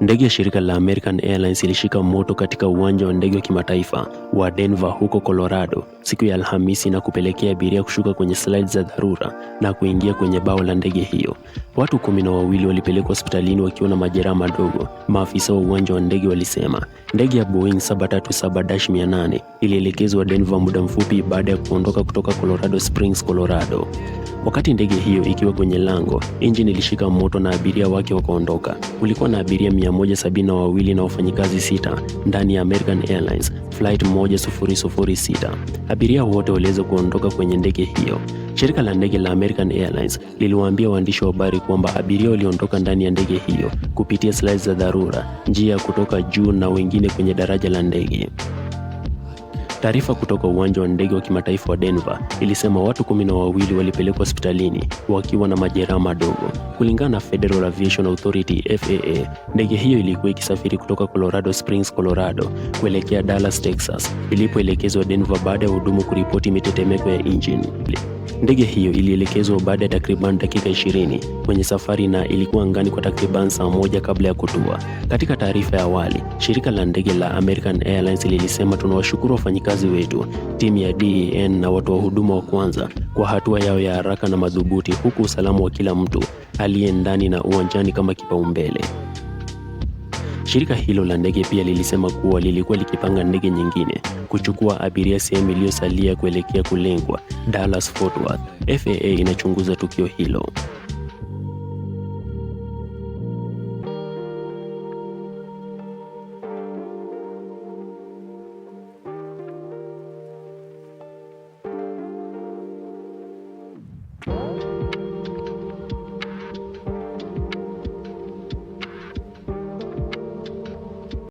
Ndege ya shirika la American Airlines ilishika moto katika uwanja wa ndege wa kimataifa wa Denver huko Colorado siku ya Alhamisi na kupelekea abiria kushuka kwenye slide za dharura na kuingia kwenye bao la ndege hiyo. Watu kumi na wawili walipelekwa hospitalini wakiwa na majeraha madogo, maafisa wa uwanja wa ndege walisema. Ndege ya Boeing 737-800 ilielekezwa Denver muda mfupi baada ya kuondoka kutoka Colorado Springs, Colorado. Wakati ndege hiyo ikiwa kwenye lango, injini ilishika moto na abiria wake wakaondoka. Kulikuwa na abiria 172 na wafanyikazi sita ndani ya American Airlines Flight 1006. Abiria wote waliweza kuondoka kwenye ndege hiyo. Shirika la ndege la American Airlines liliwaambia waandishi wa habari kwamba abiria waliondoka ndani ya ndege hiyo kupitia slides za dharura, njia ya kutoka juu na wengine kwenye daraja la ndege. Taarifa kutoka uwanja wa ndege wa kimataifa wa Denver ilisema watu kumi na wawili walipelekwa hospitalini wakiwa na majeraha madogo. Kulingana na Federal Aviation Authority FAA, ndege hiyo ilikuwa ikisafiri kutoka Colorado Springs, Colorado kuelekea Dallas, Texas ilipoelekezwa Denver baada ya hudumu kuripoti mitetemeko ya injini. Ndege hiyo ilielekezwa baada ya takriban dakika 20 kwenye safari na ilikuwa angani kwa takriban saa moja kabla ya kutua. Katika taarifa ya awali, shirika la ndege la American Airlines lilisema, tunawashukuru wafanyikazi wetu, timu ya DEN na wa huduma wa kwanza kwa hatua yao ya haraka na madhubuti, huku usalama wa kila mtu aliye ndani na uwanjani kama kipaumbele. Shirika hilo la ndege pia lilisema kuwa lilikuwa likipanga ndege nyingine kuchukua abiria sehemu iliyosalia kuelekea kulengwa Dallas Fort Worth. FAA inachunguza tukio hilo.